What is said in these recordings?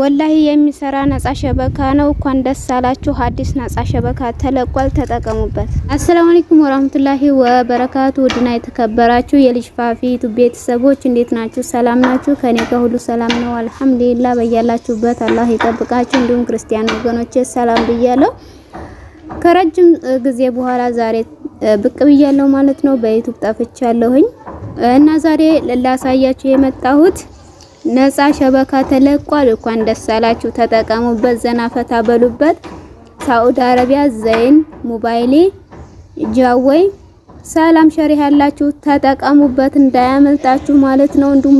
ወላሂ የሚሰራ ነጻ ሸበካ ነው። እንኳን ደስ አላችሁ። አዲስ ነጻ ሸበካ ተለቋል፣ ተጠቀሙበት። አሰላሙ አለይኩም ወራህመቱላሂ ወበረካቱ። ውድና የተከበራችሁ የልጅ ፋፊ ዩቲዩብ ቤተሰቦች እንዴት ናችሁ? ሰላም ናችሁ? ከኔ ሁሉ ሰላም ነው አልሐምዱሊላህ። በያላችሁበት አላህ ይጠብቃችሁ። እንዲሁም ክርስቲያን ወገኖች ሰላም ብያለሁ። ከረጅም ጊዜ በኋላ ዛሬ ብቅ ብያለሁ ማለት ነው። በዩቲዩብ ጠፍቻለሁኝ እና ዛሬ ላሳያችሁ የመጣሁት ነጻ ሸበካ ተለቋል። እንኳን ደስ አላችሁ፣ ተጠቀሙበት፣ ዘናፈታ በሉበት። ሳኡዲ አረቢያ ዘይን ሞባይሌ ጃወይ ሰላም ሸሪህ ያላችሁ ተጠቀሙበት፣ እንዳያመልጣችሁ ማለት ነው። እንዲሁም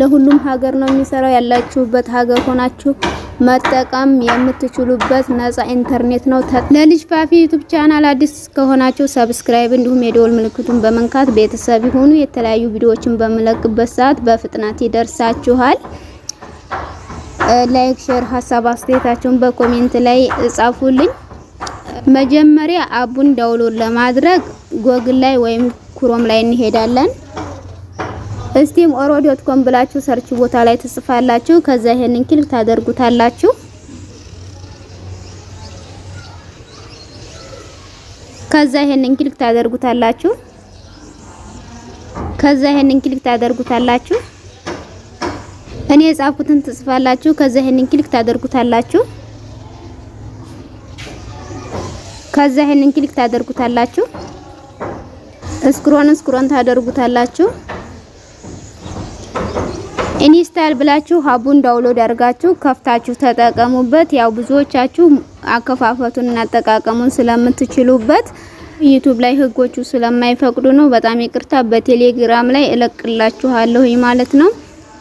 ለሁሉም ሀገር ነው የሚሰራው። ያላችሁበት ሀገር ሆናችሁ መጠቀም የምትችሉበት ነፃ ኢንተርኔት ነው። ለልጅ ፋፊ ዩቲዩብ ቻናል አዲስ ከሆናችሁ ሰብስክራይብ፣ እንዲሁም የደወል ምልክቱን በመንካት ቤተሰብ ይሁኑ። የተለያዩ ቪዲዮዎችን በምለቅበት ሰዓት በፍጥነት ይደርሳችኋል። ላይክ፣ ሼር፣ ሀሳብ አስተያየታችሁን በኮሜንት ላይ ጻፉልኝ። መጀመሪያ አቡን ዳውንሎድ ለማድረግ ጎግል ላይ ወይም ክሮም ላይ እንሄዳለን። እስቲም ኦሮ ዶት ኮም ብላችሁ ሰርች ቦታ ላይ ትጽፋላችሁ። ከዛ ይሄንን ክሊክ ታደርጉታላችሁ። ከዛ ይሄንን ክሊክ ታደርጉታላችሁ። ከዛ ይሄንን ክሊክ ታደርጉታላችሁ። እኔ የጻፍኩትን ትጽፋላችሁ። ከዛ ይሄንን ክሊክ ታደርጉታላችሁ። ከዛ ይሄንን ክሊክ ታደርጉታላችሁ። እስክሮን እስክሮን ታደርጉታላችሁ። ኢንስታል ብላችሁ ሀቡን ዳውንሎድ አድርጋችሁ ከፍታችሁ ተጠቀሙበት። ያው ብዙዎቻችሁ አከፋፈቱን እና አጠቃቀሙን ስለምትችሉበት ዩቲዩብ ላይ ህጎቹ ስለማይፈቅዱ ነው። በጣም ይቅርታ። በቴሌግራም ላይ እለቅላችኋለሁ ማለት ነው።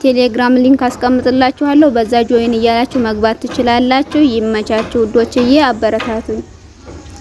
ቴሌግራም ሊንክ አስቀምጥላችኋለሁ። በዛ ጆይን እያላችሁ መግባት ትችላላችሁ። ይመቻችሁ ውዶችዬ፣ አበረታቱኝ።